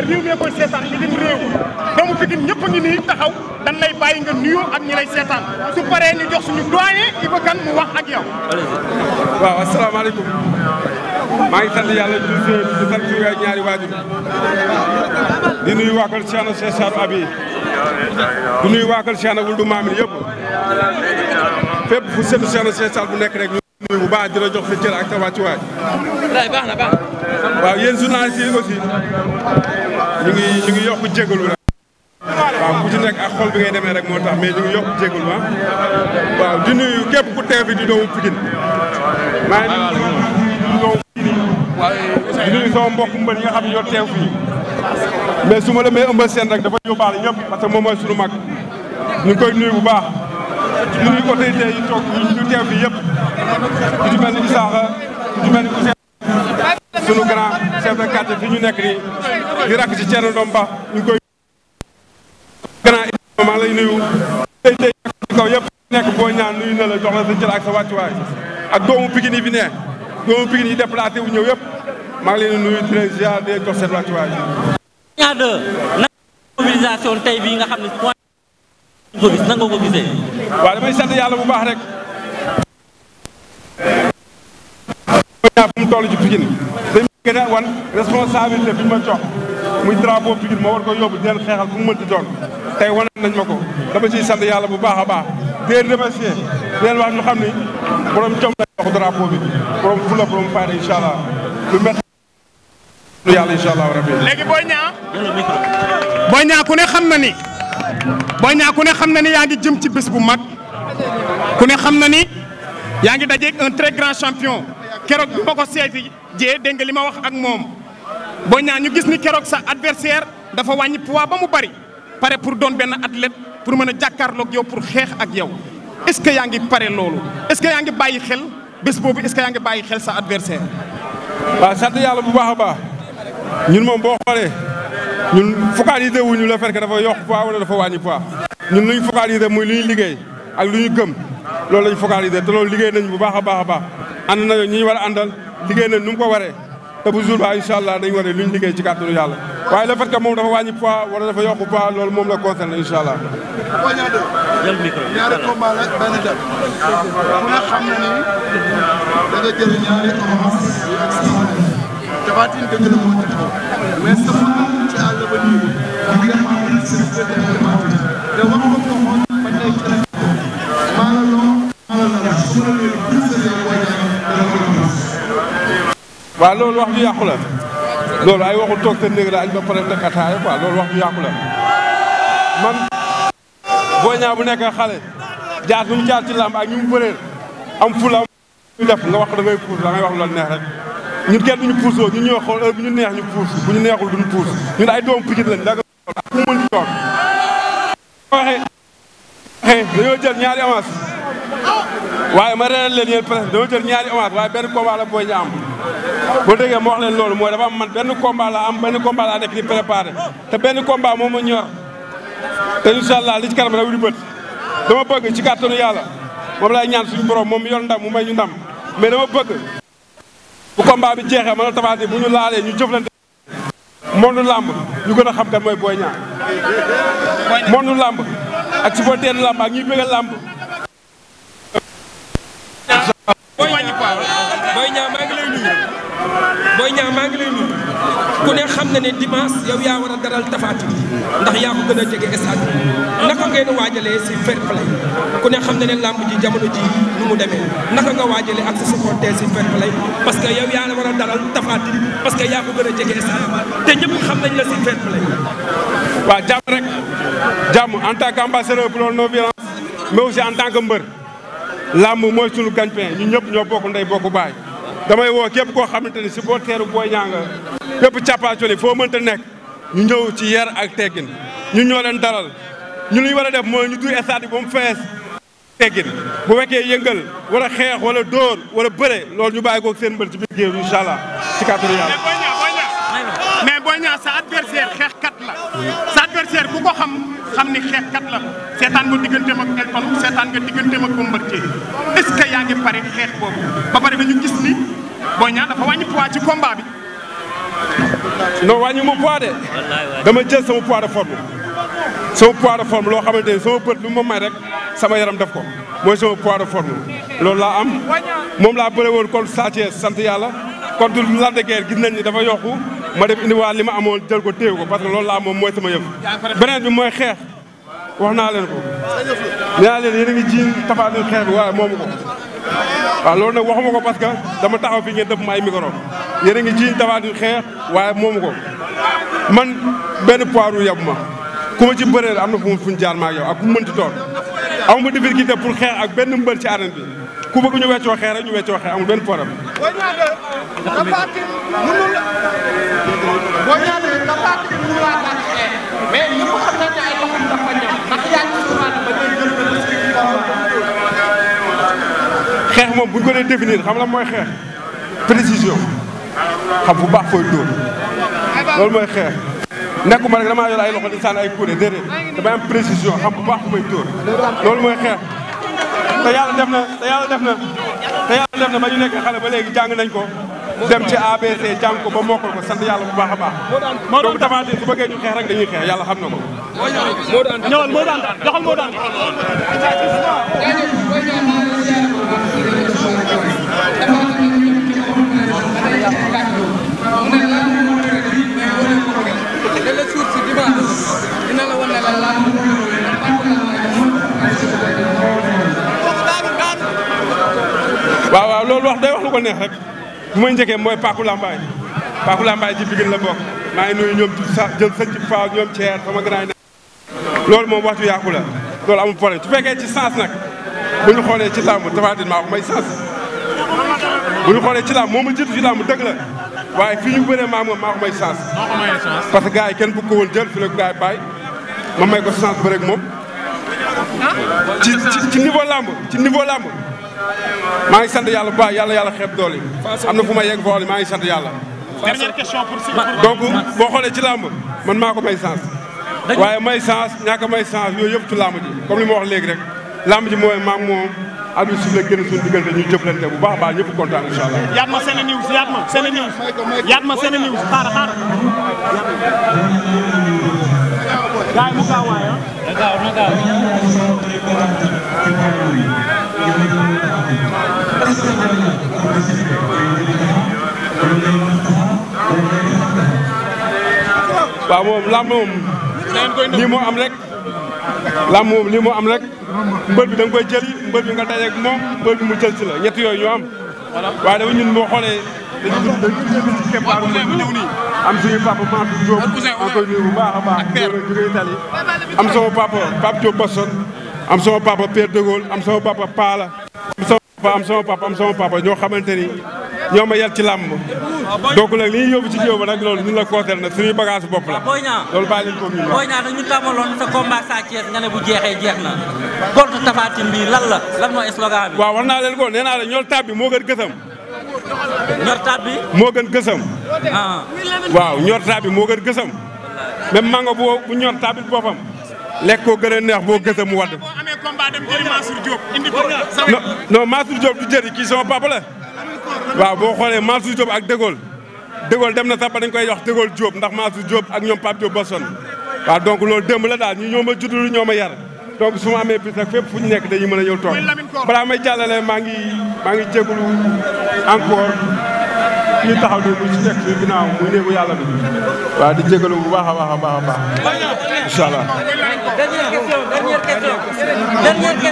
ne réew mee koy seetaan li dem réew doomu Pikine ñëpp ngi nii taxaw lay bàyyi ñu waaw ñaari waajur di nuyu waa kër Cheikh na Cheikh Sadou Abi di nuyu wul du maamin yëpp fépp fu seetu Cheikh na Cheikh nekk rek. bu baax di jox sa cër ak sa wàccuwaay. waaw baax na baax na. waaw ñu ngi ñu ngi yokk jégalu la waaw ku ci nekk a xol bi ngay demee rek moo tax mais ñu ngi yokk jégalu ah waaw di nuyu képp ku teew fi di doomu Pikine maa ni nuyu di nuyu sama mbokk ñu yi nga xam ne teew fii mais su ma demee ëmbal seen rek dafa yóbbaale ñëpp parce que moom mooy suñu mag ñu koy nuy bu baax di nuyu autorité yi toog ñu teew fii yëpp ku ci mel ni Isaaxa ku ci mel ni Ousseynou sunu grand chef de quartier fi ñu nekk nii di rakk ci Thierno Ndom Ba ñu koy grand Ibrahima maa lay nuyu tey tey ci kaw yëpp nekk boo ñaan nuyu na la jox la sa cër ak sa wàccuwaay ak doomu Pikine bi fi ne doomu Pikine yi déplacé wu ñëw yëpp maa ngi leen nuyu di leen ziar di jox seen wàccuwaay ñaar de na mobilisation tey bii nga xam ne point ko gis nan nga ko gisee waaw bu baax rek Boy Niang fi ci Pikine dañ gën a wan responsabilité bi ma jox muy moo war ko yóbbu di leen xeexal fu mu mënti doon tey wane nañ ma ko dama ciy sant yàlla bu baax a baax di leen xam ni borom jom la wax bi borom fula borom allah lu métti léegi Boy Niang Boy Niang ku ne xam na ni Boy Niang ku ne xam na ni yaa ngi jëm ci bés bu mag ku ne xam na ni yaa ngi dajeeg un très grand champion keroog bi ma ko seeti jee dégg nga li ma wax ak moom boo Niang ñu gis ni keroog sa adversaire dafa wàññi poids ba mu bari pare pour doon benn athlète pour mën a jàkkaarloog yow pour xeex ak yow est-ce que yaa ngi pare loolu est-ce que yaa ngi bàyyi xel bés boobu est-ce yaa ngi bàyyi xel sa adversaire waaw sant yàlla bu baax a baax ñun moom boo xoolee ñun focalisé wuñu la fekk dafa yokk poids wala dafa wàññi poids ñun lu ñu focalisé muy lu liggéey ak lu ñu loolu lañu focalisé te loolu liggéey nañ bu baax a baax a baax ànd nañu ñi ñu war a àndal liggéey nañ nu ko waree te bu jour ba incha allah dañu war lu ñu liggéey ci kàttanu yàlla waaye le fait que moom dafa wàññi poids wala dafa yokk poids loolu moom la concerné ne xam na moo ci ko ko xool waa loolu wax ju yàqu la loolu ay waxu toog te néeg la añ ba pare teg ataaya quoi loolu wax ju yàqu la man Boy Niang bu nekk xale jaar nu mu jaar ci làmb ñu mu bëreel am fula am ñu nga wax da ngay puus la ngay wax loolu neex rek ñun kenn duñu puusoo ñu ñoo xool heure bu ñu neex ñu puus bu ñu neexul duñu puus ñun ay doom pigit lañ da nga ak ku mën ci doon waxee waxee dañoo jël ñaari avance waaye ma reeral leen yéen presque dama jël ñaari avance waaye benn combat la booy ñaam am bu déggee ma wax loolu mooy dafa man benn combat la am benn combat laa nekk di préparé te benn combat moom ma ñor te li ci kanam raw di bët dama bëgg ci kàttanu yàlla moom laay ñaan suñu borom moom yor ndam ma ñu ndam mais dama bëgg bu combat bi jeexee mën a tabaati bu ñu laalee ñu jëflante moonu làmb ñu gën a xam kan mooy booy ñaar moonu làmb ak si Boy Niang maa ngi lay nuyu ku ne xam na ne dimanche yow yaa war a dalal tafaati ndax yaa ko gën a jege stade bi naka ngeen waajalee si fair play ku ne xam ne làmb ji jamono ji mu demee naka nga waajalee ak sa supporter si fair parce que yow yaa la war a dalal tafaati bi parce que yaa ko gën a jege stade te ñëpp xam nañ la si fair play waaw jàmm rek jàmm en tant qu'ambassadeur pour la non violence mais aussi en tant mbër làmb mooy sunu gagne-pain ñu ñëpp ñoo bokk ndey bokk baay damay woo képp koo xamante ni supporteru Boy Niang nga képp càppaacoli foo mënta nekk ñu ñëw ci yar ak teggin ñu ñoo leen dalal ñu li war a def mooy ñu duy stade bi ba mu fees teggin bu fekkee yëngal wala xeex wala dóor wala bëre loolu ñu bàyyi ko seen mbër ci biir géew incha allah ci kàttanu yàlla mais Boy Niang sa adversaire xeexkat la sa adversaire ku ko xam xam ni xeexkat la seetaan nga digganteem ak Elton seetaan nga digganteem ak Bombardier est-ce que yaa ngi pare xeex boobu ba pare Boy Niang dafa wàññi poids ci combat bi. ma poids dama jël sama poids de forme. sama poids de forme loo xamante ni sama bët lu ma may rek sama yaram def ko mooy sama poids de forme loolu laa am moom laa bëre woon contre Sa sant yàlla contre Lac de Guiers gis nañ ni dafa yokku ma dem indiwaat li ma amoon jël ko téye ko parce que loolu laa moom mooy sama yëf. beneen bi mooy xeex wax naa leen ko. nee naa leen yéen a ngi jiin tafaat leen xeex bi waaye moomu ko. waaw ah, loolu nag waxuma ko parce que dama taxaw fi ngeen def ma ay micro yéen a ngi ci Tapha Tine xeex waaye moomu ko man benn poids yabu ma ku ma am na fu mu fu ñu jaar ma ak yow ak ku mu mënti amu ma difficulté pour xeex ak benn mbër ci arène bi ku bëgg ñu weccoo xeex rek ñu weccoo xeex amul benn problème. mais xeex moom bu ñu ko dee définir xam la mooy xeex précision xam bu baax fooy dóor loolu mooy xeex nekkuma rek damaa yor ay loxo di sànni ay kuréel déedéet damay am précision xam bu baax fu may loolu mooy xeex te yàlla def na te yàlla def na te yàlla def na ba ñu nekk xale ba léegi jàng nañ ko dem ci ABC jàng ko ba mokkal ko sant yàlla bu baax a baax donc Tapha Tine bu bëggee ñu xeex rek dañuy xeex yàlla xam na ko ñëwal moo daan joxal moo daan waaw loolu wax day wax lu ko neex rek bu may njëkkee mooy Paku Lambaay Paku Lambaay ci Pikine la bokk maa ngi nuyu ñoom sa jël sëñ ci faaw ñoom Thier sama grand loolu moom waxtu yàqu la loolu amu problème su fekkee ci sens nag bu ñu xoolee ci làmb Tapha Tine maa ko may sens bu ñu xoolee ci làmb moom a jiitu ci làmb dëgg la waaye fii ñu bëree maa moom maa ko may chance. maa parce que kenn bu ko woon jël fi la ko gars yi bàyyi ma may ko chance bëreeg moom. Ah? ci ci niveau làmb ci niveau làmb. maa ngi sant yàlla bu yàlla yàlla xeeb doole yi. am na fu ma yegg foofu maa ngi sant yàlla. dernière question pour si donc boo xoolee ci làmb man maa ko may chance. waaye may chance ñaaka may chance yooyu yëpp ci làmb ji comme li ma wax léegi rek làmb ji mooy maa moom. abi suble génn suñu diggante ñu jëflante bu baax baax ñëpp kontaan incha allah. yaat ma seen news yaat ma seen news yaat ma seen news xaaral xaaral. gars yi mu gaaw waay ah. na gaaw na gaaw. waaw moom làmb moom. nii moo am rek. lam moom li mu am rek mbër bi da nga koy jëli mbër bi nga daje moom mbër bi mu jël ci la ñett yooyu ñu am waaye dafa ñun boo xoolee dañu dañ ci keppaaru ñëw nii am suñu papa am sama papa Pape Diop Boston am sama papa Pierre de am sama papa Pala am sama papa am sama papa am ñoo xamante ni ñoo ma ci làmb donc nag li ñu yóbbu ci géew ba nag loolu ñun la kooteel na suñuy bagage bopp la loolu bàyyi leen ko muy booy ñaa dañu tàmbaloon sa combat Sa Thiès nga ne bu jeexee jeex na contre Tapha Tine bi lan la lan mooy slogan bi waaw war naa leen ko nee naa ñool tab moo gën gësam ñor taat moo gën gësam ah. waaw ñor taat bi moo gën gësam même mango bu bu ñor boppam lekk koo gën a neex boo gësam mu wadd non Mansour Diop du jëri kii sama waaw boo xoolee Mansour Diop ak De Gaulle De Gaulle dem na sax ba dañ koy wax De Gaulle Diop ndax Mansour Diop ak ñoom Pape Diop Boston waaw donc loolu démb la daal ñu ñoo ma juddul ñoo ma yar donc su ma amee bis nag fépp fu ñu nekk dañuy mën a ñëw toog balaa may jàllale maa ngi maa ngi jégalu encore ñu taxaw ni bu ci nekk ci ginnaaw bi waaw di jégalu bu baax a baax a baax a baax incha